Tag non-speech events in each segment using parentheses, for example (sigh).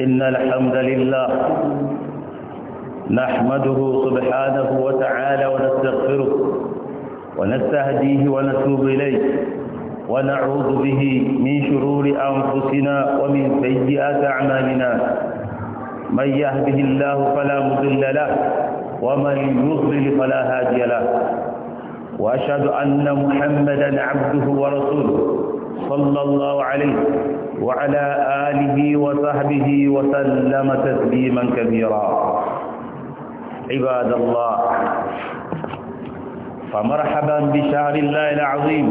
إن الحمد لله نحمده سبحانه وتعالى ونستغفره ونستهديه ونتوب إليه ونعوذ به من شرور أنفسنا ومن سيئات أعمالنا من يهده الله فلا مضل له ومن يضلل فلا هادي له وأشهد أن محمدا عبده ورسوله صلى الله عليه وعلى آله وصحبه وسلم تسليما كبيرا عباد الله فمرحبا بشهر الله العظيم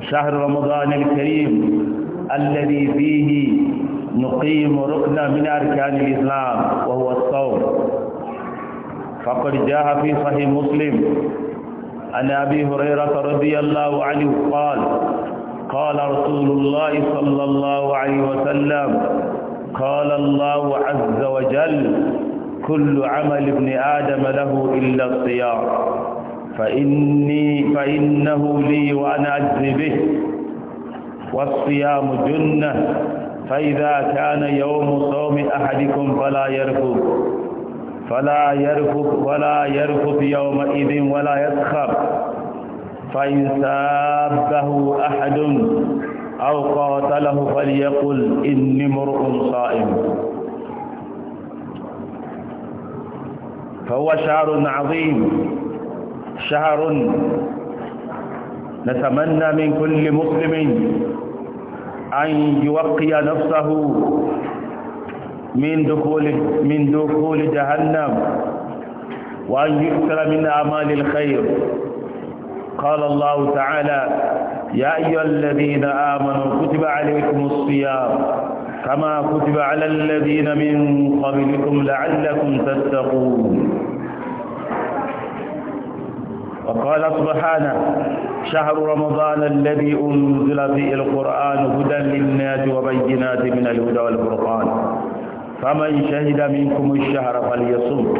شهر رمضان الكريم الذي فيه نقيم ركنا من أركان الإسلام وهو الصوم فقد جاء في صحيح مسلم عن أبي هريرة رضي الله عنه قال قال رسول الله صلى الله عليه وسلم قال الله عز وجل كل عمل ابن آدم له إلا الصيام فإني فإنه لي وأنا أجزي به والصيام جنة فإذا كان يوم صوم أحدكم فلا يرفض فلا يرفض ولا يرفض يومئذ ولا يسخر فإن سابه أحد أو قاتله فليقل إني مرء صائم فهو شهر عظيم شهر نتمنى من كل مسلم أن يوقي نفسه من دخول من دخول جهنم وأن يكثر من أعمال الخير قال الله تعالى يا أيها الذين آمنوا كتب عليكم الصيام كما كتب على الذين من قبلكم لعلكم تتقون وقال سبحانه شهر رمضان الذي أنزل فيه القرآن هدى للناس وبينات من الهدى والفرقان فمن شهد منكم الشهر فليصم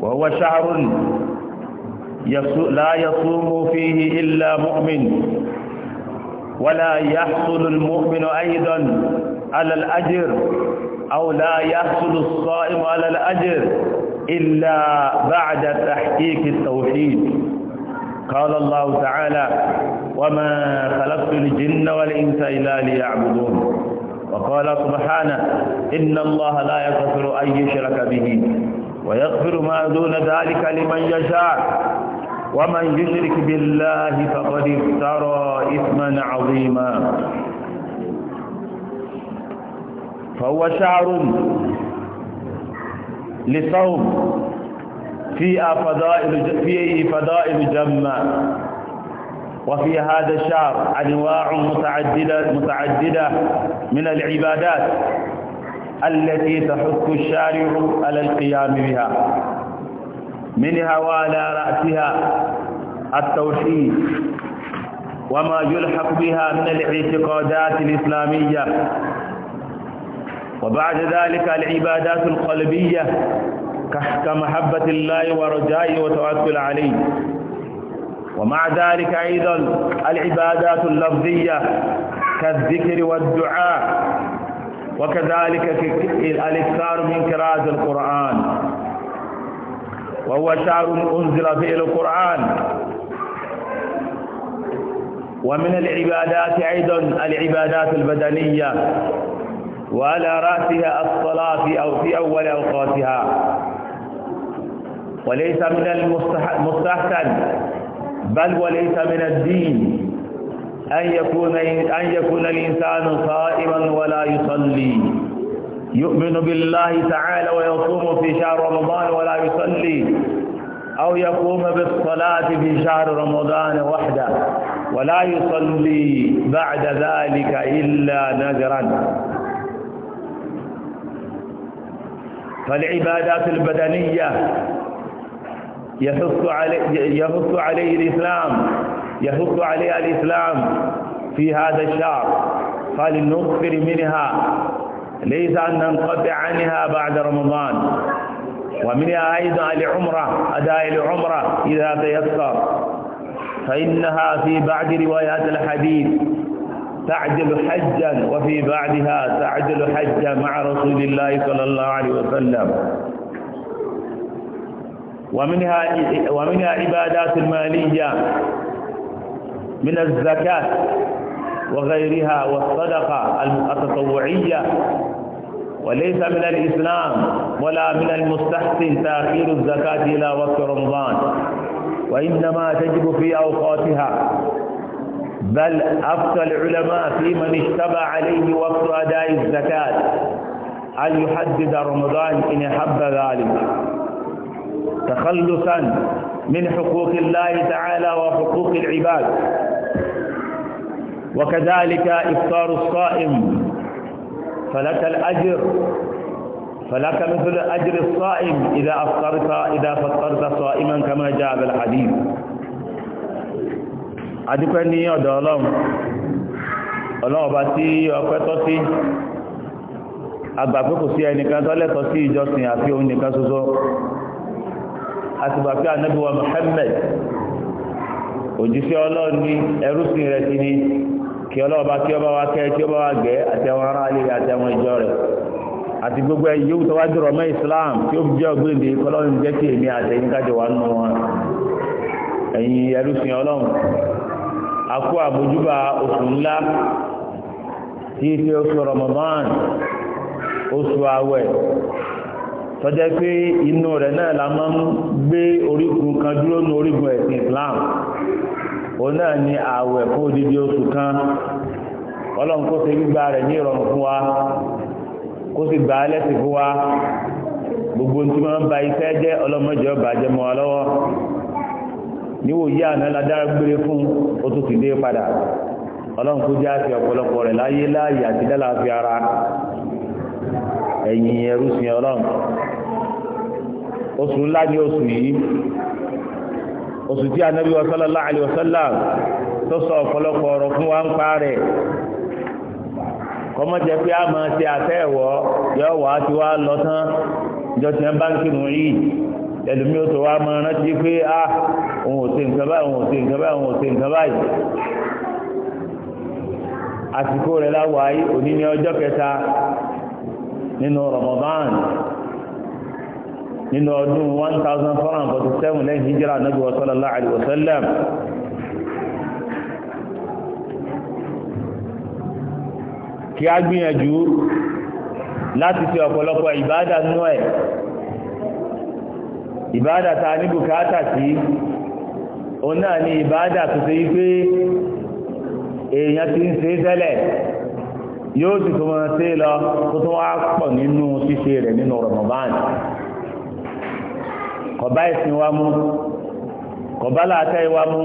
وهو شهر لا يصوم فيه إلا مؤمن ولا يحصل المؤمن أيضا على الأجر أو لا يحصل الصائم على الأجر إلا بعد تحقيق التوحيد قال الله تعالى وما خلقت الجن والإنس إلا ليعبدون وقال سبحانه إن الله لا يغفر أن يشرك به ويغفر ما دون ذلك لمن يشاء ومن يشرك بالله فقد افترى إثما عظيما فهو شعر لصوم فيه فضائل فيه فضائل جمة وفي هذا الشعر أنواع متعددة متعددة من العبادات التي تحث الشارع على القيام بها منها وعلى رأسها التوحيد وما يلحق بها من الاعتقادات الإسلامية وبعد ذلك العبادات القلبية كمحبة الله ورجائه وتوكل عليه ومع ذلك أيضا العبادات اللفظية كالذكر والدعاء وكذلك في الإكثار من قراءة القرآن وهو شعر أنزل في القرآن ومن العبادات أيضا العبادات البدنية وعلى رأسها الصلاة في أو في أول أوقاتها وليس من المستحسن بل وليس من الدين أن يكون أن يكون الإنسان صائما ولا يصلي يؤمن بالله تعالى ويصوم في شهر رمضان ولا يصلي أو يقوم بالصلاة في شهر رمضان وحده ولا يصلي بعد ذلك إلا نذرا فالعبادات البدنية يحث عليه يحث عليه الإسلام يحث عليها الإسلام في هذا الشهر قال منها ليس أن ننقطع عنها بعد رمضان ومنها أيضا لعمرة أداء العمرة إذا تيسر فإنها في بعض روايات الحديث تعجل حجا وفي بعدها تعجل حجا مع رسول الله صلى الله عليه وسلم ومنها ومنها عبادات المالية من الزكاة وغيرها والصدقة التطوعية وليس من الإسلام ولا من المستحسن تأخير الزكاة إلى وقت رمضان وإنما تجب في أوقاتها بل أفتى العلماء في من اشتبى عليه وقت أداء الزكاة أن يحدد رمضان إن حب ذلك تخلصا من حقوق الله تعالى وحقوق العباد وكذلك إفطار الصائم فلك الأجر فلك مثل أجر الصائم إذا أفطرت إذا فطرت صائما كما جاء بالحديث adúpẹ́ ní ọ̀dọ̀ ọlọ́run ọlọ́run ọba tí ọpẹ́ tọ́ sí agbàgbé kò sí ẹnìkan tọ́lẹ́tọ̀ sí ìjọsìn àfi òun nìkan ṣoṣo àti bàbá ànábì wa Muhammad òjíṣẹ́ ọlọ́run ní ẹrúsìn rẹ̀ ti ní kí ọlọ́ọ̀bá kí ọba wa kẹ́ kí ọba wa gẹ́ àti àwọn ará ilé àti àwọn ìjọ rẹ̀ àti gbogbo ẹ̀yẹ́ òtọ́ wájú rọ̀ mọ́ Islam tí ó jẹ́ ògbéǹde kọlọ́run jẹ́ kí èmi àtẹ̀yìn tọ́jẹ́ pé inú rẹ̀ náà la máa ń gbé orígun kan dúró ní orígun ẹ̀sìn Islam òun náà ni ààwẹ̀ kó dídí oṣù kan ọlọ́run kó ṣe gbígbà rẹ̀ ní ìrọ̀rùn fún wa kó sì gbà á fún wa gbogbo tí máa ba iṣẹ́ jẹ́ ọlọ́mọdé ọba jẹmọ́ wa lọ́wọ́ níwò yí àná ládára gbére fún ó tó ti dé padà ọlọ́run kó jẹ́ àti ọ̀pọ̀lọpọ̀ rẹ̀ láyé láàyè àti dálàáfíà ara ẹ̀yin ẹrúsìn ọlọ́run oṣù ńlá ni oṣù yìí oṣù tí anabi wa sallallahu tó sọ ọ̀pọ̀lọpọ̀ ọ̀rọ̀ fún wa ń pa rẹ̀ kọ́mọ pé a máa ṣe àtẹ̀wọ́ yọ wà á ti wá lọ tán ìjọ tí wọ́n a ah, òun ò nínú Ramadan nínú ọdún 1447 lẹ́yìn hijira nabi sallallahu alaihi wasallam kí a gbìyànjú láti fi ọ̀pọ̀lọpọ̀ ìbádà nú ẹ̀ ìbádà ta ní bùkátà sí òun náà ni ìbádà tó ṣe yí pé èèyàn ti ń ṣe tẹ́lẹ̀ yóò sì tó máa tẹ́ lọ tó tó wá pọ̀ nínú ṣíṣe rẹ̀ nínú Ramadan kọ̀bá ìsìn wa mú kọ̀bá làátá ìwa mú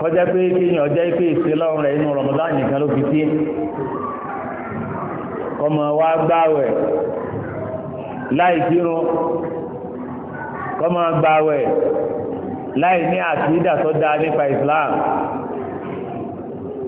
kọjá pé kéèyàn ọjọ́ ìpè ìsìlọ́run rẹ̀ nínú Ramadan nìkan ló fi sí kọmọ wa gbàwẹ̀ láì kírun kọmọ gbàwẹ̀ láì ní àtìdà tó dáa nípa Islam.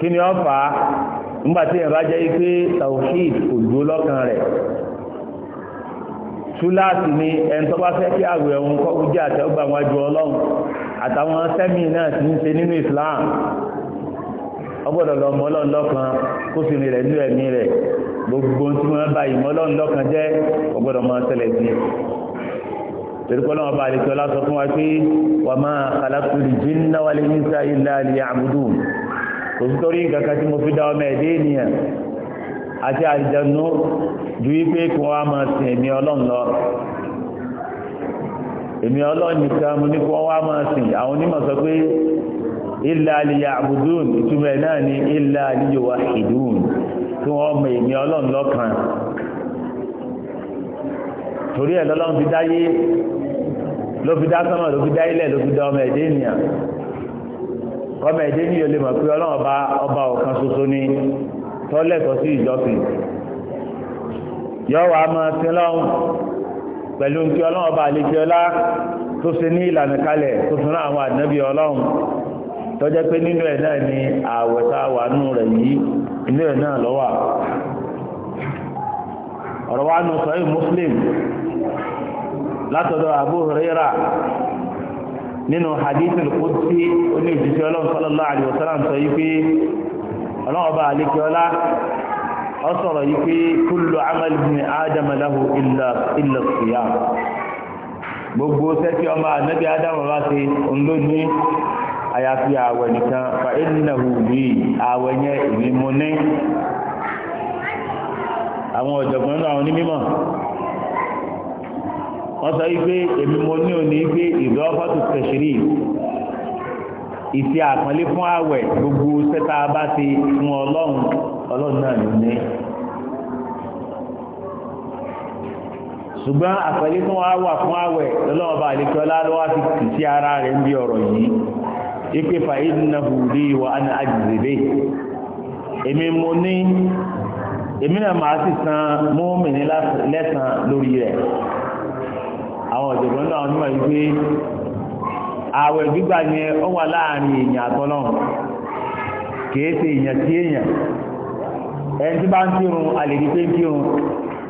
kí ni ọ fà á nígbàtí ẹ̀ bá jẹ́ pé tawhid kò dúró lọ́kàn rẹ̀ túláàsì ni ẹni tó bá fẹ́ kí àwẹ̀ òun kọ́ jẹ́ àtẹ́wọ́gbà wọn ju ọlọ́run àtàwọn sẹ́mì náà ti ń ṣe nínú Islam ọgbọ́dọ̀ lọ mọ́ ọlọ́run lọ́kan kó fi rìn rẹ̀ gbogbo tí wọ́n bá ìmọ̀ ọlọ́run lọ́kan jẹ́ ọgbọ́dọ̀ mọ́ ṣẹlẹ̀ sí i tẹ̀lifọ́lọ́ ọba àlejò ọlá wa pé wàá máa kàlákùrì jíńdáwálé ní sáyé láàlì kò sí torí nǹkan kan tí mo fi dá ọmọ ẹ̀dẹ́ ènìyàn àti àjẹnú ju wípé kí wọ́n á máa sin èmi ọlọ́run lọ èmi ọlọ́run nìkan mo ní kí wọ́n wá máa sìn àwọn onímọ̀ sọ pé illa liya'budun ìtumọ̀ náà ni illa liyuwahhidun kí wọ́n mọ èmi ọlọ́run lọ́kan torí ẹ̀ lọ́lọ́run fi dáyé ló fi dá sánmà ló fi dá ilẹ̀ ló fi dá ọmọ ẹ̀dẹ́ ènìyàn kọ́mọ ẹ̀dẹ́ ní ìyọlẹ́ mọ̀ pé ọlọ́run ọba ọba ọ̀kan ṣoṣo ni tọ́lẹ̀tọ̀ sí ìjọsìn yọ wàá mọ sí ọlọ́run pẹ̀lú nkí ọlọ́run ọba àlejò ọlá tó ṣe ní ìlànà kalẹ̀ tó fún àwọn ànábì ọlọ́run tọ́jẹ́ pé nínú ẹ̀ náà ni ààwẹ̀ tá a wà nù rẹ̀ yìí inú ẹ̀ náà lọ́wọ́ ọ̀rọ̀ wa nù sọ́yìn Muslim látọ̀dọ̀ Abu Hurairah nínú hadithul qudsi oní òjíṣẹ́ ọlọ́run sallallahu alaihi wasallam sọ yìí pé ọlọ́run ọba àlékiọlá ọ sọ̀rọ̀ yìí pé kullu amal ibni adam lahu illa illa siyam gbogbo sẹ́tì ọmọ ànábì adam ọba ṣe ńlónìí àyàfi àwẹ̀ nìkan fa innahu li àwẹ̀ yẹn ìmímú ní àwọn ọ̀jọ̀gbọ́n náà àwọn onímọ̀ wọ́n sọ wípé èmi mo ní òní wípé ìdọ́ fọ́tò tẹ̀sírì ìfi àpọ́nlé fún àwẹ̀ gbogbo sẹ́ta bá ti fún ọlọ́run ọlọ́run náà ló ní. ṣùgbọ́n àpọ́nlé tó wá wà fún àwẹ̀ lọ́lọ́run ọba àlekọ́lá ló wá fi kì sí ara rẹ̀ ń bí ọ̀rọ̀ yìí ipe fàyín náà hùdí wa ana àjèjìlé èmi mo ní èmi náà màá sì san mọ́mìnì lẹ́sàn lórí rẹ̀ ọ̀jọ̀gbọ́n náà mọ̀ wípé àwẹ̀ gbígbà yẹn ó wà láàrin èèyàn àtọ́lọ́run kìí ṣe èèyàn tí èèyàn ẹni tí bá ń kírun àlèdí pé ń kírun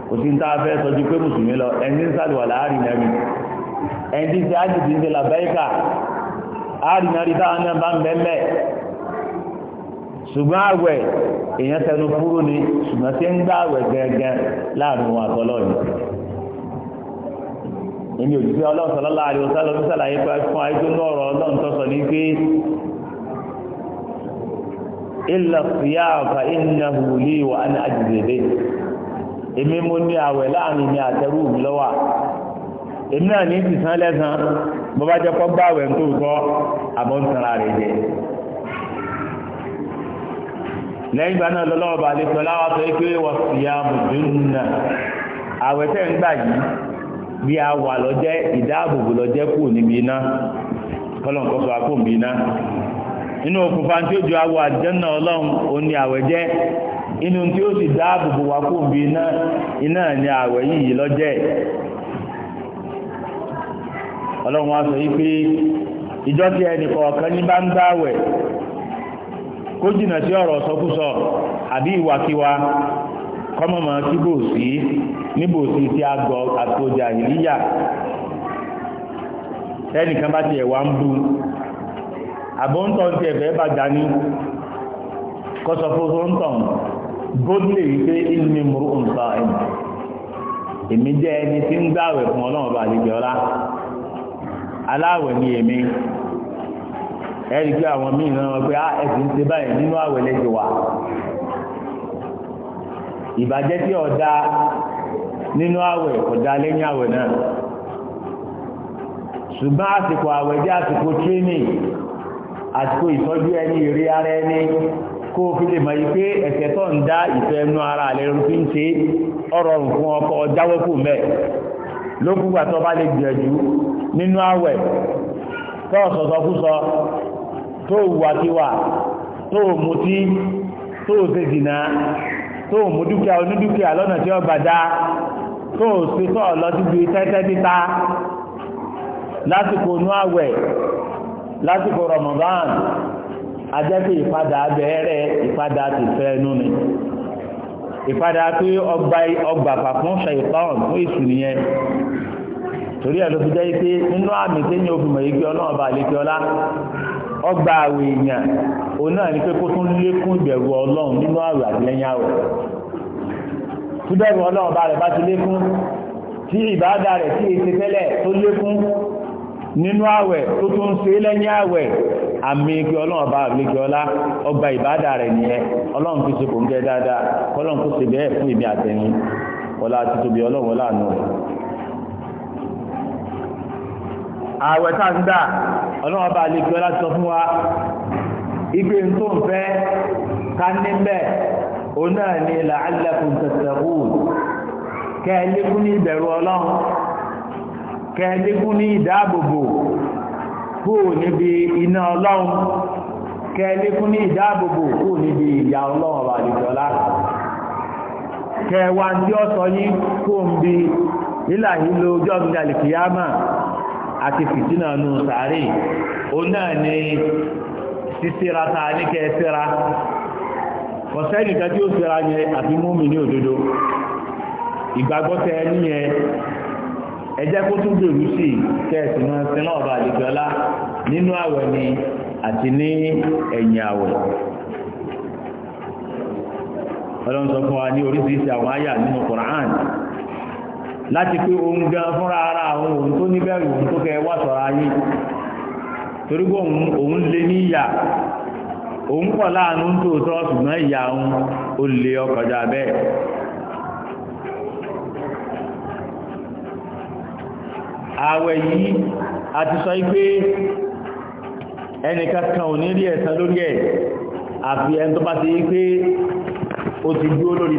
kò sí ń tá a fẹ́ sọjú pé mùsùlùmí lọ ẹni tí ń sàlùwà láàrin náà ẹni tí ṣe ájìdí ń ṣe làbẹ́ẹ̀kà àárín náà rí táwọn náà bá ń bẹ́ẹ̀ ṣùgbọ́n àwẹ̀ èèyàn tẹnu kúrò ní ṣùgbọ́n tí ń gbà àwẹ̀ gẹ́gẹ́ láàrin wọn àtọ́lọ́run èmi ò jíjẹ́ ọlọ́run sọlọ́lá àríwọ̀ sálọ ní sàlàyé fún àìjó lọ́rọ̀ ọlọ́run tó sọ ní pé ilẹ̀ fìyà àfà ìnà hùlí wà ní àjèjèlé èmi mo ní àwẹ̀ láàrin mi àtẹrù mi lọ́wà èmi náà ní ti lẹ́sàn bó bá jẹ́ kọ́ tó tọ́ àbọ̀ rẹ̀ jẹ lẹ́yìn ìgbà náà lọ́lọ́ọ̀bà lè sọ láwàá sọ pé wọ́n mùdúnnà àwẹ̀ tẹ́ ń gbà yìí bí a wà lọ́jẹ́ ìdáàbòbò lọ́jẹ́ kù níbi iná kọ́lọ̀kọ́sọ akó níbi iná inú okùnfà tí ó ju awọ àjẹ́nà ọlọ́run òun ni àwẹ̀ jẹ́ inú tí ó sì dáàbòbò wà kó níbi iná iná ni àwẹ̀ yìí lọ́jẹ́ ọlọ́run wa sọ yìí pé bá ń kó jìnà sí ọ̀rọ̀ sọkúsọ àbí kọ́mọ̀mọ́ kí bòsí níbòsí tí a gọ àtòjà ìlíyà ẹnìkan bá ti ẹ̀wà ń bú àbọ́ntọ̀ ti ẹ̀fẹ́ bá dání kọ́sọ̀fọ́sọ́ntọ̀ bódìlẹ̀ wípé ìlú mú ǹsọ ẹ̀mù èmi jẹ́ ẹni tí ń gbààwẹ̀ fún ọlọ́run bá àlejò ọlá aláwẹ̀ ni èmi ẹ̀rí pé àwọn míì náà wọ́n pé á ah, ẹ̀sìn ti báyìí nínú àwẹ̀ lẹ́jọ wà ìbàjẹ́ tí ọ̀dá nínú àwẹ̀ ọ̀dá lẹ́yìn àwẹ̀ náà ṣùgbọ́n àsìkò àwẹ̀ jẹ́ àsìkò training àsìkò ìtọ́jú ẹni ìrí ara ẹni kó fi lè mọ̀ pé ẹ̀ṣẹ̀ tó ń dá ìfẹ́ ẹnu ara rẹ̀ fi ń ṣe ọ̀rọ̀ fún ọkọ̀ jáwọ́ kù mẹ́ lókùgbà tó bá lè gbìyànjú nínú àwẹ̀ tó ọ̀sọ̀sọ̀kúsọ tó wùwàkiwà tó mutí tó ṣe dìnnà tó o mú dúkìá onídúkìá lọ́nà tí ọba dá tó o ṣe tó ọ lọ síbi tẹ́tẹ́ títa lásìkò inú àwẹ̀ lásìkò Ramadan ajẹ́pẹ́ ìpadà abẹ́rẹ́ ìpadà ti fẹ́ nú ni ìpadà pé ọgbà ọgbàfà fún ṣàìtàn fún èsù nìyẹn torí ẹ̀ ló fi jẹ́ pé nínú àmì téèyàn obìnrin yìí gbé ọlọ́run ọba àlejò ọlá ọgbà àwẹ̀ èèyàn òun náà ni pé kó tún lékún ìbẹ̀rù ọlọ́run nínú àwẹ̀ àtìlẹ́yìn àwẹ̀ bẹ̀rù ọlọ́run bá rẹ̀ bá ti lékún tí ìbáadà rẹ̀ tí tẹ́lẹ̀ tó lékún nínú àwẹ̀ tó tún ń àmì ọlọ́run bá ọlá ọgbà ìbáadà rẹ̀ nìyẹn ọlọ́run ààwẹ̀ tá ń dà ọlọ́wọ́ bá lè gbé láti sọ fún wa igbe tó ń fẹ́ ká ní mẹ́ o náà ni la'allakum tattaqun kẹ́ẹ̀lẹ́kún ní ìbẹ̀rù ọlọ́run kẹ́ẹ̀lẹ́kún ní ìdáàbòbò kúrò níbi iná ọlọ́run kẹ́ẹ̀lẹ́kún ní ìdáàbòbò kúrò níbi ìyà ọlọ́run bá lè jọlá kẹ́ẹ̀wà sọ yí kó ń bi ìlàhílò ọjọ́ ìdàlìkìyàmà àti fìtínà nù sàárè o náà ni sísíra ta ní kẹ́ síra kọ̀sẹ́nì tí ó síra yẹ àti múmi ní òdodo ìgbàgbọ́tẹ níyẹn ẹjẹ́ kó tún gbèrú sí kẹ́ẹ̀sì náà sí náà bá nínú àwẹ̀ ni àti ní ẹ̀yìn àwẹ̀ láti pé ohun gan fúnra ara àwọn ohun tó níbẹ̀rù ohun tó kẹ wá sọ̀rọ̀ ayé torí pé òun lé ní ìyà òun pọ̀ láàánú tó tọ́ ṣùgbọ́n ìyà òun ó lé ọkọjá bẹ́ẹ̀ ààwẹ̀ yìí a ti sọ pé ẹnìkankan ò ní rí ẹ̀san lórí ẹ̀ àfi ẹni tó bá ti rí pé ó ti dúró lórí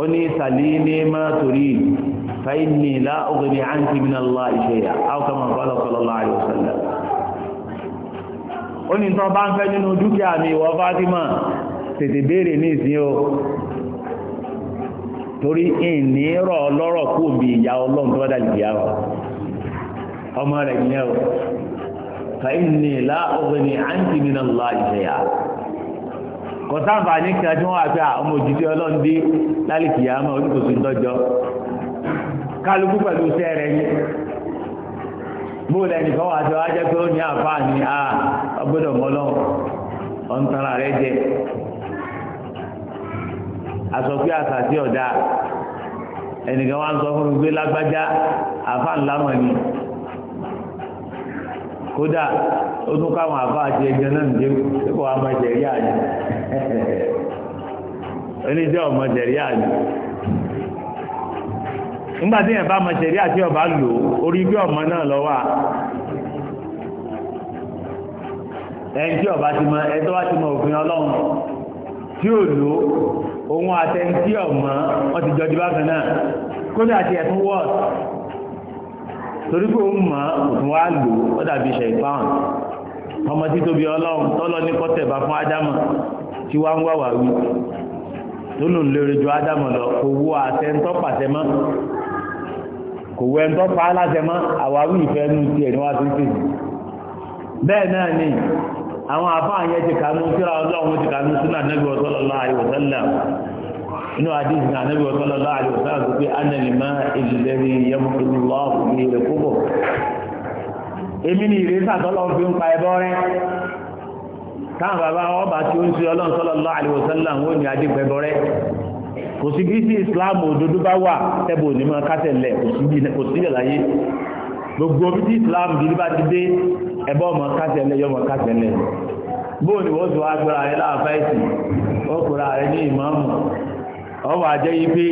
ó ní sàlí ní má torí fàyí ní ilá ọgbẹ̀ni àǹtí mi náà lọ ìṣe yà áwùká máa bá lọ́kọ́ lọ́la àyè òṣèlú ó ní tán bá ń fẹ́ nínú dúkìá mi ìwọ Fátímà tètè béèrè ní ìsìn o torí ìní rọ̀ ọlọ́rọ̀ kú bí ìyá ọlọ́run tó wádà lè ọmọ rẹ̀ yẹn o fàyí ní ilá àǹtí mi náà lọ kọ̀sáǹfà ní kí ọjọ́ wọn àti ọmọ òjijì ọlọ́run dé lálìkì yá mọ́ oníkòsí ńdọ́jọ́ kálukú pẹ̀lú iṣẹ́ rẹ̀ ní bóòlù ẹnìkan wà tó wájẹ́ pé ó ní àǹfààní à ọgbọ́dọ̀ mọ́lọ́ ọ̀ǹtara rẹ̀ jẹ àsọ̀pẹ́ àṣà tí ọ̀dà ẹnìkan wá ń sọ fún mi pé lágbájá àfa ńlá mọ̀ ni kódà ó tún káwọn àfa àti ẹgbẹ́ náà ń dé pípọ̀ àmọ́ ìjẹ̀rí àjẹ́ oníṣẹ́ (laughs) ọmọ jẹ̀ríà ni nígbàtí yẹn bá ọmọ jẹ̀ríà tí ọba lò orí bí ọmọ náà lọ wà ẹni tí ọba ti mọ ẹtọ́ wá ti mọ òfin ọlọ́run tí ò lò òun àtẹni tí ọmọ wọn ti jọjú bákan náà kódà ti ẹ̀tún wọ́ọ̀t torí pé òun mọ̀ òun wá lò ó dàbí ṣe ìpáhùn ọmọ títóbi ọlọ́run tọ́lọ́ ní kọ́tẹ̀ bá fún ádámọ̀ tí wá ń wá wà wí tó lò ju ádámù lọ kò wo àtẹ ńtọ́ pàtẹ mọ́ kò pa á mọ́ àwáwí ìfẹ́ nu tiẹ̀ ni wá bẹ́ẹ̀ náà ni àwọn àfáà yẹn ti kànú síra ọlọ́run ti kànú sínú ànábì sallallahu alaihi wasallam inú ní pé táwọn bàbá ọba tí ó ń ṣe ọlọ́run sallallahu alaihi wasallam wọ́n ni adégbẹ̀bọ̀rẹ́ kò sí bí sí islam òdodo bá wà tẹ́bù onímọ̀ kátẹ̀lẹ̀ kò sí ìlàyé gbogbo bí sí islam bí bá ti dé ẹbọ bóò ni wọ́n tó wá gbọ́ra láàfá ìsìn ó kúra ní ìmáàmù ọwọ́ àjẹ́ yìí pé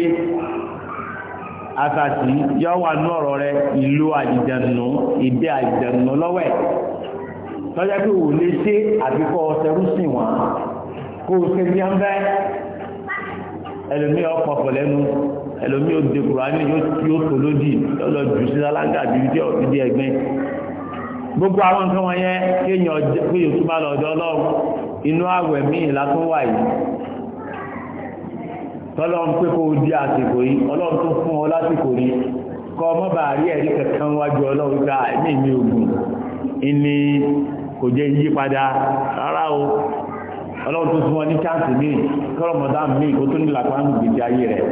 yọ wà ní ọ̀rọ̀ ìlú tọ́jà pé ò lè ṣe àbíkọ́ ọ̀sẹ̀rú sí wọn kó o ṣe bí ọ́n bẹ́ ẹlòmí ọkọ̀ pọ̀lẹ́nu ẹlòmí òde kùránì yóò tó lódì lọ́lọ́ jù sí alága àbíjẹ́ òdìdí ẹ̀gbẹ́ gbogbo àwọn nǹkan wọn yẹn kéèyàn kéèyàn tó bá lọ ọ̀dọ̀ ọlọ́run inú àwẹ̀ míì látún wà yìí tọ́lọ́run pé kó o di àsìkò yìí ọlọ́run tó fún ọ lásìkò yìí kọ́ ọmọ bàárí ẹ̀rí kankan wájú ọlọ́run gba ẹ̀mí mi ògùn ìní kò jẹ́ yí padà rárá o ọlọ́run tó súnmọ́ ní chance míì kọ́rọ̀mọ́dá míì kó tó ní làpánù gbèsè ayé rẹ̀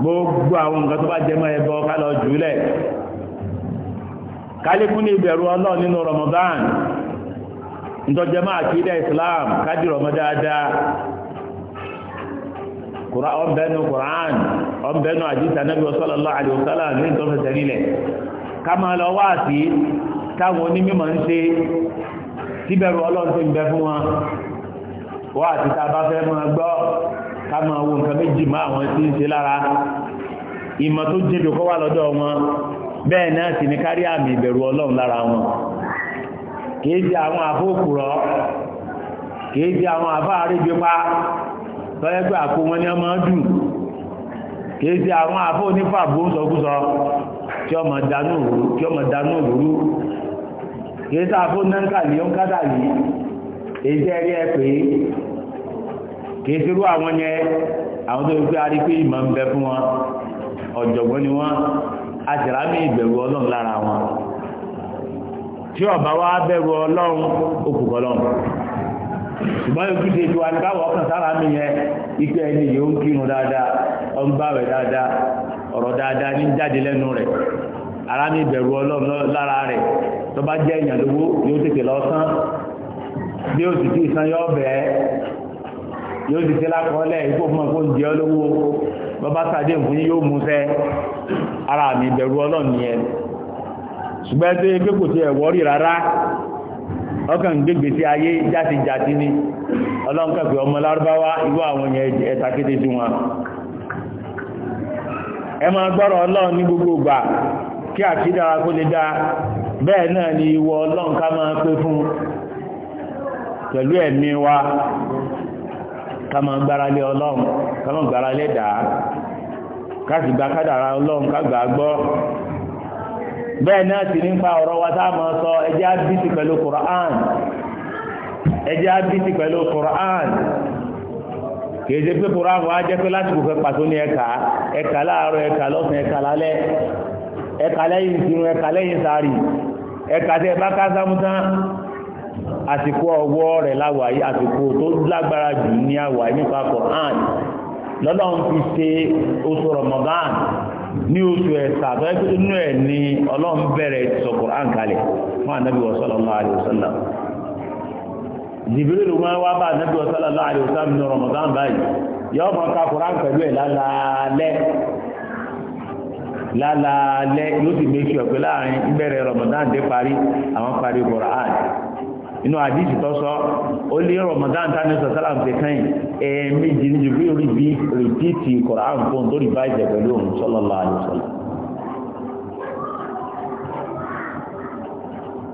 gbogbo àwọn nǹkan tó bá jẹ mọ́ ẹbọ ká lọ jùlẹ̀ kálékún ní ìbẹ̀rù Ramadan ntọ́jẹmọ́ àkídẹ́ Islam Quran ọ̀bẹ̀nu àdìsá nàbí sallallahu alaihi wasallam ní ìtọ́fẹsẹ̀ nílẹ̀ ká máa lọ wáàsí táwọn onímọ̀ ń ṣe tíbẹ̀rù ọlọ́run tó ń bẹ fún wọn wá àti tá a bá fẹ́ máa gbọ́ ká máa wo nǹkan méjì mọ́ àwọn tí ń ṣe lára ìmọ̀ tó jẹ́dọ̀ kọ́ wà lọ́dọ̀ wọn bẹ́ẹ̀ náà sì ní kárí àmì ìbẹ̀rù ọlọ́run lára wọn kìí jẹ́ àwọn àfóòkùrọ̀ kìí jẹ́ àwọn àfáàrígbépá lọ́yẹ́ pé àpò wọn ni ọmọ dùn kìí jẹ́ àwọn àfóònífàbó sọkúsọ tí ọmọ dánú òwúrú kìí sáàfó náǹkà ní oún kádà yìí rí ẹ kìí sírú àwọn yẹn àwọn tó wípé arí ìmọ̀ ń bẹ fún wọn ọ̀jọ̀gbọ́n ni wọ́n aṣèrámì ìbẹ̀rù ọlọ́run lára wọn tí ọba wa bẹ̀rù ọlọ́run ó ṣùgbọ́n ara ní ìbẹ̀rù ọlọ́run lára rẹ̀ tó bá jẹ́ èèyàn lówó yóò tètè lọ sán bí ó sì ti san yọ ọbẹ̀ yóò sì ti lákọọ́lẹ̀ ikú fún ọkọ̀ ń jẹ́ lówó bàbá sàdé fún yí yóò múṣẹ́ ara mi ìbẹ̀rù ọlọ́run yẹn ṣùgbọ́n tó yẹ pé kò ti ẹ̀wọ́ rí rárá ọkàn gbégbé sí ayé játi játi ní ọlọ́run kẹfẹ́ ọmọ lárúbáwá irú àwọn yẹn ẹ̀ta kété sí wọn ẹ máa gbọ́rọ̀ ọlọ́run ní gbogbo ìgbà kí àkídà wa kó lè dá bẹ́ẹ̀ náà ni ìwọ ọlọ́run ká máa pé fún pẹ̀lú ẹ̀mí wa ká máa gbára lé ọlọ́run ká máa gbára lé dàá ká sì gba kádàrá ọlọ́run ká gbà gbọ́ bẹ́ẹ̀ náà sì nípa ọ̀rọ̀ wa tá a máa sọ ẹjẹ́ àbísí pẹ̀lú Qur'an ẹjẹ́ àbísí pẹ̀lú Qur'an kìí ṣe pé Qur'an wa jẹ́ pé láti kò fẹ́ pàtó ní ẹ̀ka ẹ̀ka láàárọ̀ ẹ̀ka lọ́sàn ẹ̀ka lálẹ́ ẹ̀ka lẹ́yìn ìsinmi ẹ̀ka lẹ́yìn atiku bá ká àsìkò ọwọ́ rẹ̀ láwàáyé àsìkò tó lágbára jù ní àwàáyé nípa Qur'an lọ́lọ́run fi ṣe oṣù Ramadan ní oṣù ẹ̀sà tó inú ẹ̀ ni ọlọ́run bẹ̀rẹ̀ sọ Qur'an kalẹ̀ fún lálaalẹ́ yóò sì méjì ọ̀pẹ́ láàrin ìbẹ̀rẹ̀ Ramadan dé parí àwọn parí Quran inú àdíjì tó sọ ó lé Ramadan tánú sọ sálà ń tẹ̀kàn ẹ̀ẹ̀mejì ní jù bí orí bí Quran fún tó rí báyìí pẹ̀lú òun sallallahu alaihi wasallam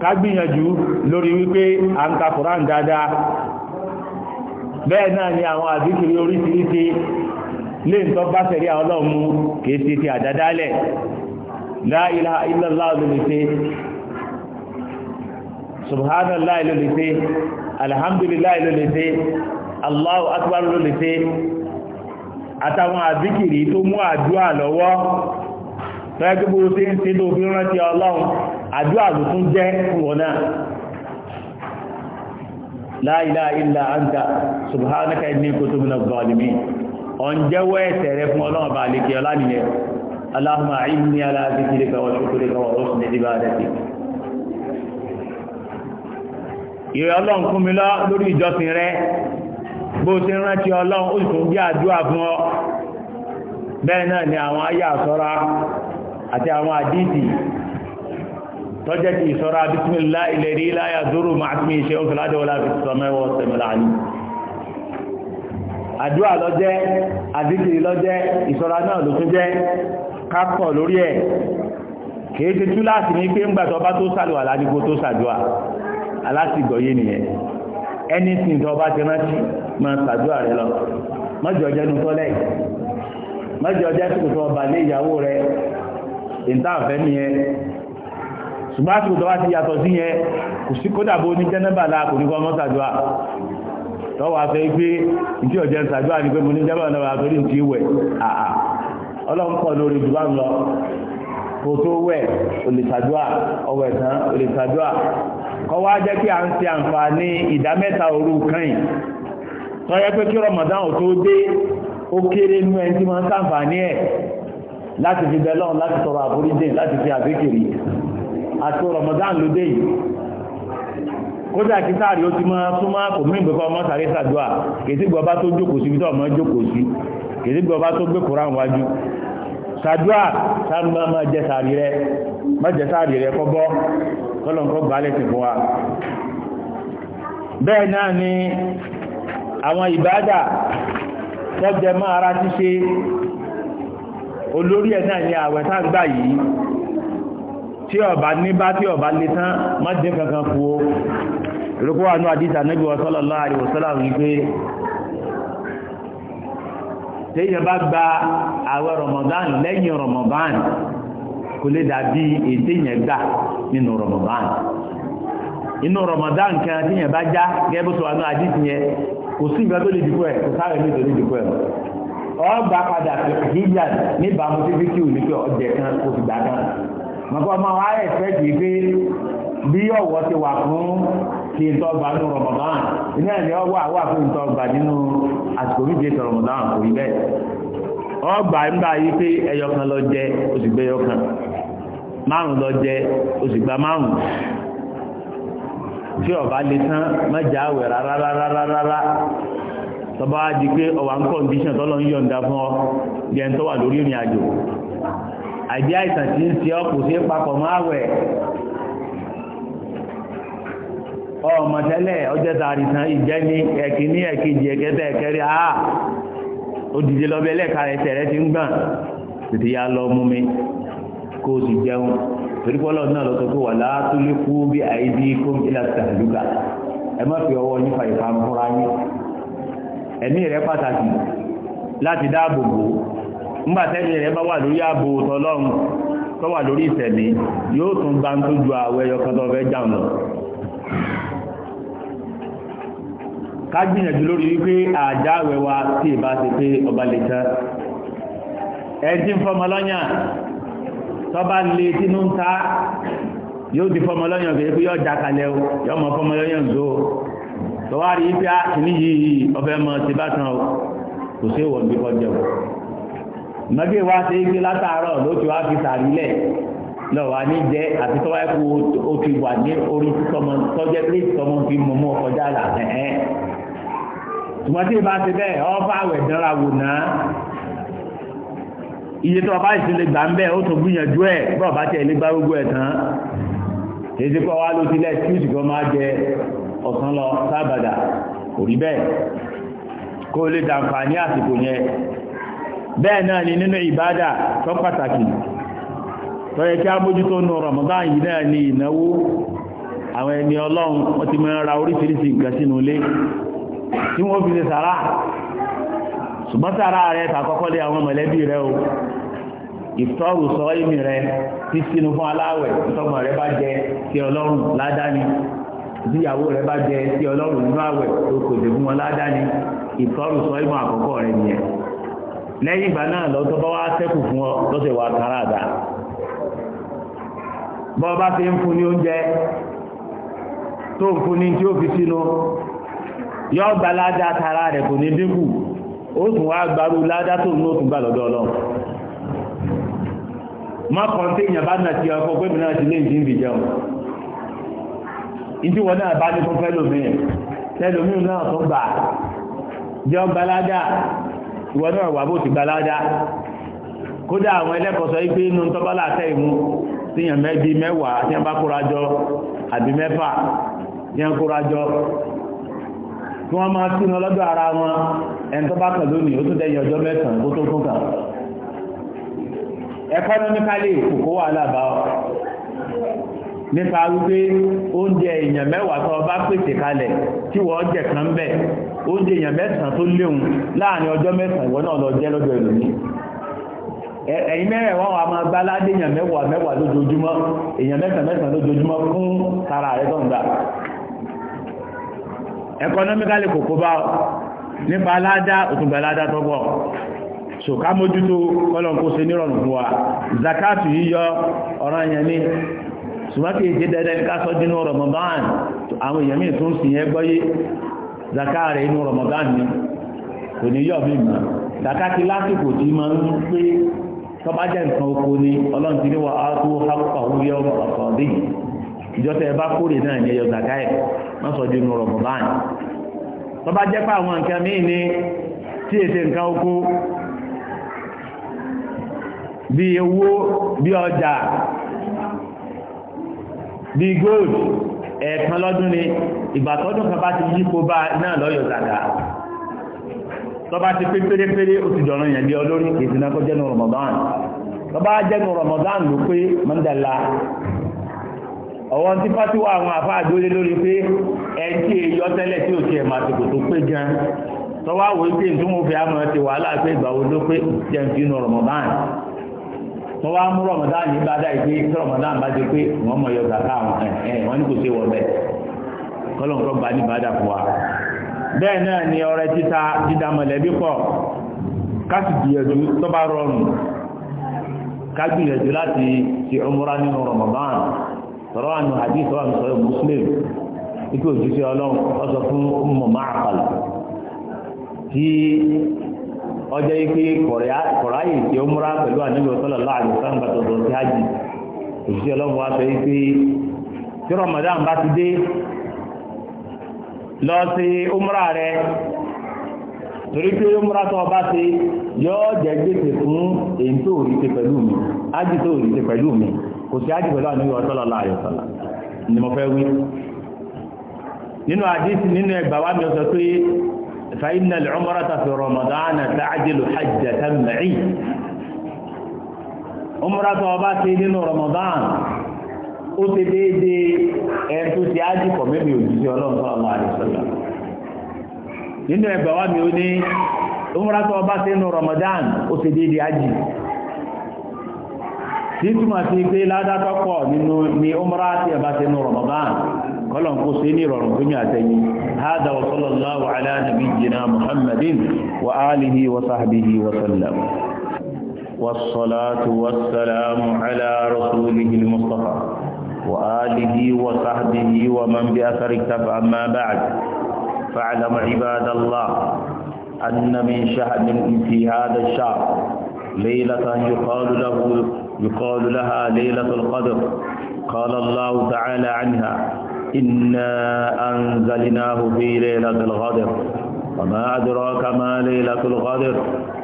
ká gbìyànjú lórí wípé à ń ka Quran dáadáa bẹ́ẹ̀ náà ni àwọn àdíkiri lè ń tọ́ bá sẹ̀rí àwọn ọlọ́run mú kìí ṣe ti àdádálẹ̀ la ilaha illallah ló lè ṣe subhanallah ló lè ṣe alhamdulillah ló lè ṣe allahu akbar ló lè ṣe àtàwọn àzíkìrì tó mú àdúà lọ́wọ́ tọ́yẹ́kí bó ṣe ń ṣe tó fi rántí ọlọ́run ọ̀njẹ́wọ́ ẹ̀sẹ̀ rẹ fún ọlọ́run bá lè kí ọlá nìyẹn aláhùnmá ìní aláàbíkiri kọwọ́ ṣokúrẹ́ kọwọ́ tó sì níbi bá dẹ̀sí ìrẹ́ ọlọ́run kún mi lọ lórí ìjọsìn rẹ bó ti rántí ọlọ́run bí àdúrà fún ọ láyà dúró máa fi ṣe ó fi ládọ́wọ́lá fi sọmẹ́wọ́ sẹ́mẹ́lá ní àdúrà lọ́jẹ́ àdíkiri lọ́jẹ́ ìṣọ́ra náà ló jẹ́ kápọ̀ lórí ẹ̀ kìí ṣe tú láti ní pé ńgbà tó bá tó sàlùwà ládìgbò tó sàdúà alátìgbọ̀yé nìyẹn ti rántí máa sàdúà rẹ lọ mọ́jọ tọ́lẹ̀ mọ́jọ jẹ́ ọba lé ìyàwó rẹ ìntàfẹ́ nìyẹn ṣùgbọ́n bá ti yàtọ̀ sí kò sí kódà ní jẹ́nẹ́bà kọ́ tọ́wọ́ afẹ́ pé ìdí ọ̀jẹ́ ń sàdúrà ní pé mo ní jábọ̀ náà wà torí ti wẹ̀ àà ọlọ́run pọ̀ lórí jù bá ń lọ kò tó wẹ̀ olè sàdúrà ọwọ́ ẹ̀sán olè sàdúrà kọ́ wá jẹ́ kí à ń ṣe àǹfààní ìdá mẹ́ta òru kan yìí tọ́yẹ́ pé láti fi bẹ́lọ́n láti sọ̀rọ̀ àforíjìn láti fi àfikìrì àti Ramadan ló yìí kódà kí sáàrí ó ti mọ́ súnmọ́ kò mí ìgbẹ́kọ́ ọmọ sàrí sàdúà kèsì gbọba tó jókòó sí ibi tó ọmọ jókòó sí kèsì gbọba tó gbé kóra wájú sàdúà sáàrí máa jẹ sàrí rẹ má jẹ sàrí rẹ kọ́ bọ́ kọ́lọ́nkọ́ gbálẹ̀ ti fún wa bẹ́ẹ̀ náà ni àwọn ìbádà tọ́jẹ máa ara ṣíṣe olórí ẹ̀ náà ni àwẹ̀ tá yìí tí ọba ní bá tí ọba lè tán má kankan kú o ìrókò wà ní àdíta Ànábì sallallahu alaihi wasallam wípé bá gba àwẹ̀ Ramadan lẹ́yìn Ramadan kò lè dàbí ètéèyàn gbà nínú Ramadan inú Ramadan kan téèyàn bá já gẹ́gẹ́ bó sọ yẹn kò sí ìgbà tó lè ẹ̀ kò sáré ẹ̀ ọgbà padà fíkì ọjẹ kan mọ̀kọ́ ọmọ wa rẹ̀ fẹ́ kì í pé bí ọ̀wọ́ ti wà fún kí n tọ́gbà nínú Ramadan iná ẹ̀ ní ọwọ́ àwọ́ àfún n tọ́gbà nínú àsìkò méje tó Ramadan kò rí bẹ́ẹ̀ ọgbà ń bá yí pé ẹyọ kan lọ jẹ ó sì gbé ẹyọ kan márùn lọ jẹ ó sì gba márùn tí ọba lè tán mẹjà àwẹ̀ rárá rárá rárá tọba di pé ọwà ń kọ́ndíṣàn tọ́lọ́ ń yọ̀ǹda fún ọ jẹun tó wà lórí ìrìn àjò àbí àìsàn tí ń ṣe ọ́ kò papọ̀ mọ́ àwẹ̀ ọmọ tẹ́lẹ̀ ọjọ́ tààrí tán ìjẹ́ni ẹ̀kíní ẹ̀kejì ẹ̀kẹta ẹ̀kẹrin àá òdìdí lọ́bẹ̀ ẹlẹ́ka ẹsẹ̀ rẹ ti ń gbọ̀n tètè ya lọ mú mi kó o sì jẹun torí náà lọ sọ pé wà látó lé kú bí àìdí kó ń ẹ má fi ọwọ́ nípa ìfàmúra yín ẹ̀mí rẹ pàtàkì láti ńgbàtẹ́ni rẹ̀ bá wà lórí ààbò tọlọ́run tó wà lórí ìtẹ̀mí yóò tún bá ń tó ju àwọ̀ ẹyọ kan tó fẹ́ jáun lọ ká gbìyànjú lórí wípé àjá àwẹ̀ wa tí ì bá ti pé ọba lè tán ẹjí ń fọmọ lọ́yàn tó bá lè tínú ń ta yóò di fọmọ lọ́yàn fèrè pé yóò jákalẹ̀ o yóò mọ fọmọ lọ́yàn zó tọ́wárí ife á ah, kìíní yìí ọbẹ̀ mọ́ ti bá tán o kò sí ìwọ̀n bí kọjá mọ́gẹ́ wá ṣe é gbé látàárọ̀ ló ti wá fi sàrí lẹ̀ lọ́wọ́ ní jẹ́ àti tọ́wọ́ ẹ̀kú o ti wà ní orí tọmọ tọ́jẹ́ pé tọmọ fi mọ̀ mọ́ ọkọjá là ẹ̀ẹ́ ṣùgbọ́n tí ìbá ti bẹ́ẹ̀ ọ́ bá àwẹ̀ dánra wò náà iye tó o bá ìṣẹ̀lẹ̀ gbà ń bẹ ó tó gbìyànjú ẹ̀ bọ́ọ̀ bá tẹ̀ lé bá gbogbo ẹ̀ tán èdè kọ́ wá ló ti lẹ́ ṣíṣì kan máa jẹ ọ̀sán lọ sábàdà kò rí bẹ́ẹ̀ kó lè dàǹfà ní àsìkò yẹn bẹ́ẹ̀ náà ni nínú ìbádà tó pàtàkì tó yẹ kí a mójútó nù Ramadan yìí náà ni ìnáwó àwọn ẹni ọlọ́run wọ́n ti máa ra oríṣiríṣi nǹkan sínú ilé tí wọ́n fi ṣe sàrá ṣùgbọ́n sàrá rẹ̀ tàkọ́kọ́ lé àwọn mọ̀lẹ́bí rẹ̀ o ìfọ́rù sọ ìmì rẹ̀ tí sínú fún aláwẹ̀ tọ́mọ rẹ̀ bá jẹ ti ọlọ́run ládáni ìdíyàwó rẹ̀ bá jẹ ti ọlọ́run nínú àwẹ̀ tó kò dé fún wọn ládáni ìfọ́rù sọ ìmọ̀ àkọ́kọ́ rẹ̀ nìyẹn lẹ́yìn ìgbà náà lọ́tọ́ bá wá tẹ́kù fún ọ lọ́sẹ̀ wà àdá bọ́ bá fi ń fún ní oúnjẹ tó ń fún ní tí ó fi sínú yọ́ tara rẹ̀ kò ní dínkù ó tún wá gbarú ládá tó ní ó tún gbà lọ́dọ̀ ọlọ́run ìwọ náà wà bó ti gba ládàá kódà àwọn ẹlẹ́kọ̀ọ́ sọ pé inú tọ́ba làtẹ́ ìmú tíyàn mẹ́bí mẹ́wàá tí wọ́n bá kóra jọ àbí mẹ́fà tí wọ́n kóra jọ tí wọ́n máa sínú lọ́dọ̀ ara wọn ẹni tó bá kàn lónìí ó tó dẹ̀yìn ọjọ́ mẹ́sàn-án tó tún kàn ẹkọ́nọ́míkálì kòkó wà lábá nípa wípé oúnjẹ èèyàn mẹ́wàá tó bá pèsè kalẹ̀ tí wọ́n jẹ̀ kan bẹ́ẹ̀ oúnjẹ èèyàn mẹ́sàn tó léhun láàrin ọjọ́ mẹ́sàn ìwọ náà lọ jẹ́ lọ́dọ̀ ẹlòmí ẹ̀yìn mẹ́rẹ̀ wọ́n wà máa gbá ládé èèyàn mẹ́wàá mẹ́wàá lójoojúmọ́ èèyàn mẹ́sàn mẹ́sàn lójoojúmọ́ fún tara rẹ̀ tó ń kòkó bá nípa aládá òtùnbà aládá tọ́gbọ̀ so ká mójútó kọ́lọ̀kó se fún wa zakatu yíyọ zaka rẹ̀ inú Ramadan ni kò ní yọ̀ mí mọ́ zaka ti lásìkò tí máa ń pé tọ́ba jẹ́ nǹkan oko ni ọlọ́run ti ní wà á tó hápá òwúyẹ ọmọ ọ̀sán bí ìjọsẹ̀ bá kórè náà ní ẹyọ zaka ẹ̀ sọ di inú Ramadan tọ́ba jẹ́ pé àwọn nǹkan míì ni tí èsè nǹkan oko bí owó bí ọjà bí góòlù ẹ̀ẹ̀kan lọ́dún ni ìgbà tọ́dún kan bá ti yípo bá náà lọ́yọ̀ zàkà tọba ti pé pérépéré ó ti dọ̀rọ̀ yẹn lé olórí ìdìnnà kó jẹ́nu Ramadan tọba jẹ́nu Ramadan ló pé mọ́ndàlá ọwọ́ tí fásiwá àwọn àfáàjò lé lórí pé ẹni tí èyọ tẹ́lẹ̀ tí ò tiẹ̀ máa ti kò tó pé gan tọwọ́ àwòrán pé ìtumọ̀ fi àmọ́ ti wàhálà pé ìgbà ló pé jẹun wọ́n wá mú rọ̀mọ̀dán ní bá dáì pé tí rọ̀mọ̀dán bá ti pé wọ́n mọ̀ yọ zaka àwọn ẹ̀ ẹ̀ wọ́n ní kò sí wọ̀ bẹ́ẹ̀ kọ́lọ̀ nǹkan gbà ní ìbádà fún wa bẹ́ẹ̀ náà ni ọrẹ títa dídá mọ̀lẹ́bí pọ̀ káàsì gbìyànjú tó bá rọrùn ká gbìyànjú láti ṣe ọmọra nínú rọ̀mọ̀dán tọ̀rọ̀ àánú hadith wa sọ̀rọ̀ muslim ikú òjíṣẹ́ ọlọ́run ọ sọ Ma'qal tí ọjọ́ yìí pé kọ̀ráyè tí ó múra pẹ̀lú àníbi ọ̀sọ́lọ̀ láàrin sáńgbà tó dọ̀ sí hajj òṣìṣẹ́ ọlọ́run wa sọ yìí pé tí Ramadan bá ti dé lọ sí umra rẹ torí pé umra tó ọba ṣe yóò jẹ gbèsè fún èyí tó rí ṣe pẹ̀lú mi hajj tó rí ṣe pẹ̀lú mi kò sí hajj pẹ̀lú àníbi ọ̀sọ́lọ̀ láàrin ọ̀sọ́lọ̀ ni mo fẹ́ wí nínú àdísì nínú ẹgbàá wa mi ọ فإن العمرة في رمضان تعدل حجة معي عمرة وباتي دين رمضان أتديدي أنتو سياجي فمي يجيزي الله صلى الله عليه وسلم nínú ẹgbà wa mi ó ní ìmúratọ ọba sí inú Ramadan ó ti dédé ájì tí túnmà sí pé ládátọ́ pọ̀ nínú ni ìmúratọ ọba sí inú Ramadan kọ́lọ̀ kó sí ní ìrọ̀rùn fún mi àtẹ́yìn هذا وصلى الله على نبينا محمد وآله وصحبه وسلم والصلاة والسلام على رسوله المصطفى وآله وصحبه ومن بأثر اكتفى أما بعد فاعلم عباد الله أن من شهد في هذا الشهر ليلة يقال له يقال لها ليلة القدر قال الله تعالى عنها إنا أنزلناه في ليلة الغدر وما أدراك ما ليلة الغدر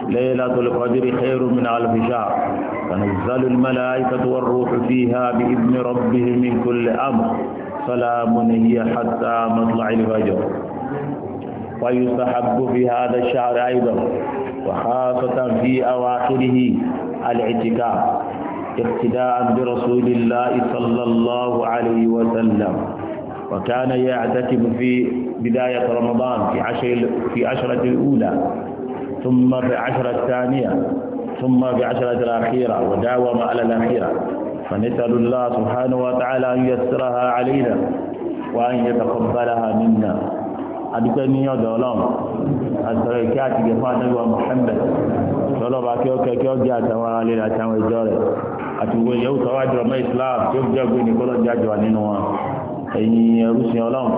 ليلة القدر خير من ألف شهر تنزل الملائكة والروح فيها بإذن ربهم من كل أمر سلام هي حتى مطلع الفجر ويستحب في هذا الشهر أيضا وخاصة في أواخره الاعتكاف اقتداء برسول الله صلى الله عليه وسلم وكان يعتكف في بداية رمضان في عشر في عشرة الأولى ثم في عشرة الثانية ثم في عشرة الأخيرة وداوم على الأخيرة فنسأل الله سبحانه وتعالى أن يسرها علينا وأن يتقبلها منا أدكني يا دولام أسركات جفان الله صلى الله عليه وسلم ẹ̀yin ẹrúsìn ọlọ́run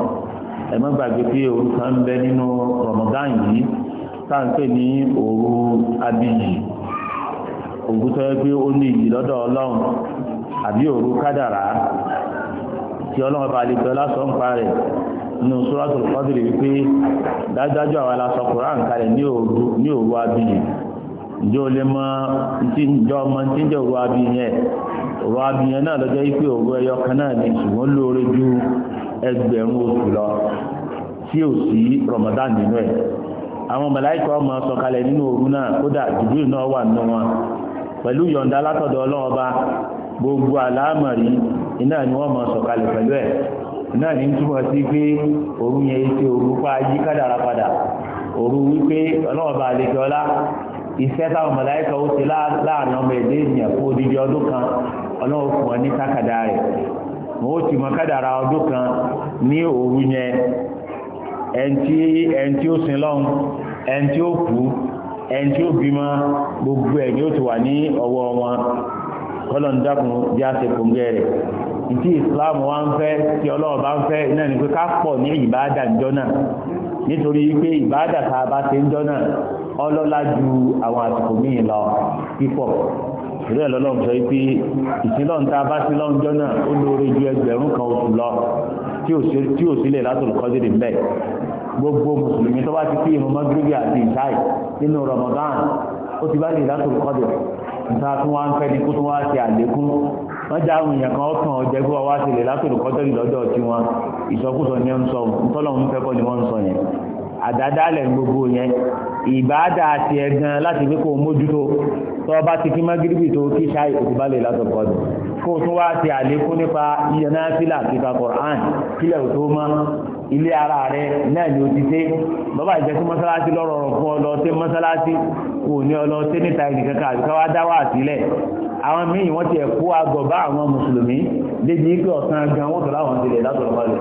ẹ má gbàgbé pé òru ń bẹ nínú Ramadan yìí tá ní òru abiyì ó ní lọ́dọ̀ ọlọ́run àbí kádàrá tí ọlọ́run bá lè lásán pa rẹ̀ nínú ní njọ ole lè mọ ntí ǹjọ́ ọmọ ntí ǹjẹ́ òru abiyẹn ihe abiyẹn náà lọ́jọ́ ipe òru ẹyọ kan náà ni ṣùgbọ́n lóore ju ẹgbẹ̀rún oṣù lọ tí ò sí Ramadan nínú ẹ̀ àwọn ọmọ nínú òru náà kódà náà wà nínú wọn pẹ̀lú yọ̀ǹda látọ̀dọ̀ Ọba gbogbo àlámọ̀rí iná ni wọ́n mọ̀ sọ̀kalẹ̀ pẹ̀lú ẹ̀ náà ní túmọ̀ sí pé òru yẹn ti òru pa padà òru wípé iṣẹ́ táwọn mọ̀láìkà ó ti ọmọ èdè ènìyàn fún odidi ọdún kan ọlọ́run ọ ní kákàdá rẹ̀ wọ́n ti mọ ọdún kan ní òru yẹn ẹ̀ǹtí tí ó sin lọ́hùn ẹ̀ǹtí ó kú ẹ̀ǹtí ó bímọ gbogbo ti wà ní ọwọ́ wọn kọ́lọ̀ ń wa ń fẹ́ tí ń fẹ́ pé ká pọ̀ ní ìbáàdà ìjọ náà nítorí ọlọ́lá ju àwọn àsìkò míì lọ pípọ̀ ìrẹ́ lọ́lọ́run sọ pé ìsinlọ́run tá a bá sí lọ́njọ́ náà ó lóore ju ẹgbẹ̀rún kan oṣù lọ tí ò sílẹ̀ látòlù kọ́sídì ń bẹ̀ gbogbo mùsùlùmí tó bá ti kí irun mọ́gírígì àti ìṣáì nínú Ramadan ó ti bá lè látòlù kọ́dì níta tí wọ́n ń fẹ́ ní kó tó wá ṣe àlékún wọ́n já àwọn èèyàn kan ọ̀tàn ọ̀jẹ́ pé wọ́n wá ṣe lè látòlù kọ́dì lọ́dọ̀ tí wọ́n ìsọkúsọ ni wọ́n ń sọ àdádálẹ̀ gbogbo yẹn ìbáàdà àti ẹ̀gan láti fi kó o mójútó tó bá ti kí mágíríbì tó kí ṣáì òkúbálẹ̀ látọ̀kọ́dù kó o tún wá ti àlékún nípa iyanáfílà kíkà Qur'an kílẹ̀ ò tó mọ́ ilé ara rẹ náà ni o ti dé bàbá ìjẹ́ sí mọ́sálásí lọ́rọ̀ ọ̀rọ̀ fún ọlọ́ọ̀tẹ́ mọ́sálásí kò ní ọlọ́ọ̀tẹ́ níta ẹnìkan kan àbíká wá dá sílẹ̀ àwọn míì wọ́n ti ẹ̀kú àgọ̀ àwọn mùsùlùmí débi pé ọ̀sán gan wọ́n tọ́lá wọn tilẹ̀ látọ̀rọ̀ balẹ̀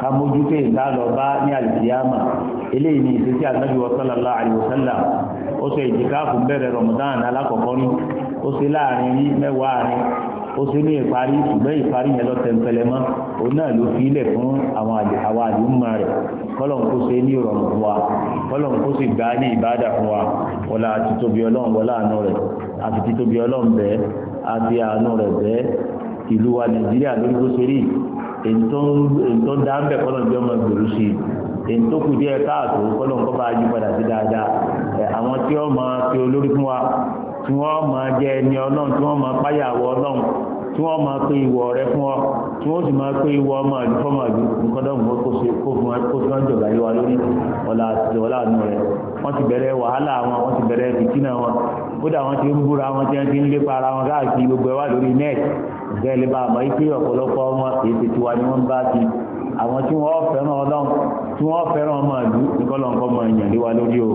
ká mójú pé ìdálọ́bá ní àlìsíyámà eléyìí ni ìṣesí ànábì sallallahu alaihi wasallam ó ṣe ìdíkáàfù bẹ̀rẹ̀ rọ̀mọ̀dán alákọ̀ọ́kọ́ ní ó ṣe láàrin rí mẹ́wàá rin ó ṣe ní ìparí ṣùgbọ́n ìparí yẹn lọ tẹ̀m̀pẹ̀lẹ̀ mọ́ òun náà ló fi ilẹ̀ fún àwọn àwọn àdúmọ̀ rẹ̀ kọ́lọ̀ kó ṣe ní ìrọ̀rùn fún wa kọ́lọ̀ ètò dáńbẹ̀ kọ́nà jọ máa gbèrú sí i ètò kù díẹ̀ káàtó kọ́nà kọ́ bá yí padà sí dáadáa àwọn tí wọ́n máa fi olórí fún wa tí wọ́n máa jẹ ẹni ọlọ́run tí wọ́n máa páyàwó ọlọ́run tí wọ́n máa pe ìwọ rẹ fún ọ tí wọ́n sì máa pe ìwọ ọmọ àdúgbò fọ́mọ àdúgbò nǹkan dọ̀gbọ́n kó ṣe kó fún wa kó fún wa jọba yé wa lórí ọ̀la àti ọ̀la àánú rẹ wọ́n ti bẹ̀rẹ̀ wàhálà wọn wọ́n ti bẹ̀rẹ̀ fìtínà wọn kódà wọ́n ti ń búra wọn ti ń lépa ara wọn káàkiri gbogbo ẹ̀ wà lórí nẹ́ẹ̀tì gẹ́lẹ́ bá àmọ́ ike ọ̀pọ̀lọpọ̀ ọmọ kìí ṣe tiwa ni wọ́n bá ti àwọn tí wọ́n fẹ́ràn ọlọ́run tí wọ́n fẹ́ràn ọmọ ìlú nìkọ́lọ̀ nǹkan mọ èèyàn léwa lórí o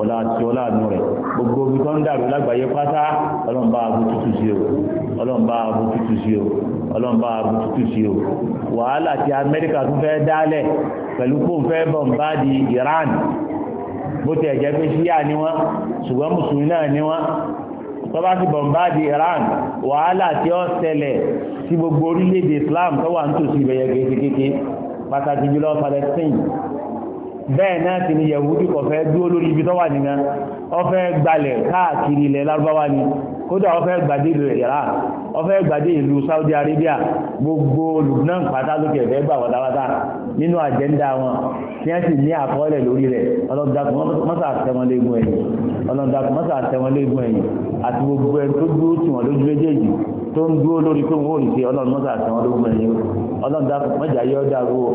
ọ̀la àti ọláàánú rẹ̀ gbogbo omi tó ń dàrú lágbàáyé pátá ọlọ́run bá abu tútù o ọlọ́run bá abu tútù sí o ọlọ́run bá o wàhálà tí amẹ́ríkà tún fẹ́ dálẹ̀ pẹ̀lú kó n fẹ́ bọ̀m̀bá di Iran bó ti ẹ̀jẹ̀ pé síyà ni wọ́n ṣùgbọ́n tọ́bá ti bọ̀m̀báàdì Iran wàhálà tí ó ṣẹlẹ̀ sí gbogbo orílẹ̀-èdè Islam tó wà ń tò sí ìbẹ̀yẹ kékeré pàtàkì jùlọ Palestine bẹ́ẹ̀ náà ti ni Yahudi kò fẹ́ dúró lórí ibi tó wà nìkan ó fẹ́ gbalẹ̀ káàkiri ilẹ̀ lárúbáwá ni kódà ó fẹ́ gbàdé ìlú ìyàrá ó fẹ́ gbàdé ìlú Saudi Arabia gbogbo Lubnan pátálókè ẹ̀fẹ́ gbà wàtàwàtà nínú àjẹ́ndà wọn tí wọ́n sì ní àkọọ́lẹ̀ lórí rẹ̀ ọlọ́dàkùn mọ́sà àtẹ̀wọ́lẹ́gùn ẹ̀yìn ọlọ́dàkùn mọ́sà àtẹ̀wọ́lẹ́gùn ẹ̀yìn àti gbogbo ẹni tó dúró tì wọ́n lójú méjèèjì tó ń dúró lórí pé wọ́n ò ní ṣe ọlọ́run mọ́sà àtẹ̀wọ́lẹ́gùn ẹ̀yìn ọlọ́dàkùn mọ́jà yọ́ dàrú o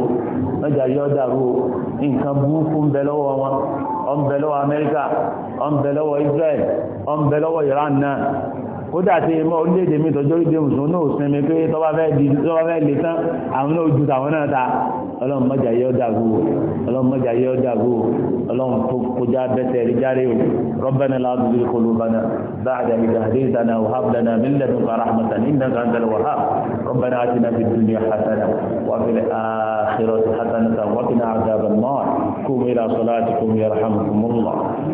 mọ́jà yọ́ dàrú o nǹkan burúkú ń bẹ lọ́wọ́ wọn ọ̀nbẹ̀lọ́wọ̀ Amẹ́ríkà ọ̀nbẹ̀lọ́wọ̀ Israel ọ̀nbẹ̀lọ́wọ̀ Iran náà kódà tí mọ́ orílẹ̀-èdè mi tọ́jọ́ ìdè mùsùlùmí náà sinmi pé tọ́ba fẹ́ di tọ́ba fẹ́ lè tán àwọn náà ju tàwọn náà ta ọlọ́run mọ́jà yọ dàgbò ọlọ́run mọ́jà yọ dàgbò ọlọ́run tó kọjá bẹ́tẹ̀ rí járe o ربنا لا تزغ قلوبنا بعد إذ هديتنا وهب لنا من لدنك رحمة إنك أنت الوهاب ربنا آتنا في الدنيا حسنة وفي الآخرة حسنة وقنا عذاب النار قوموا إلى صلاتكم يرحمكم الله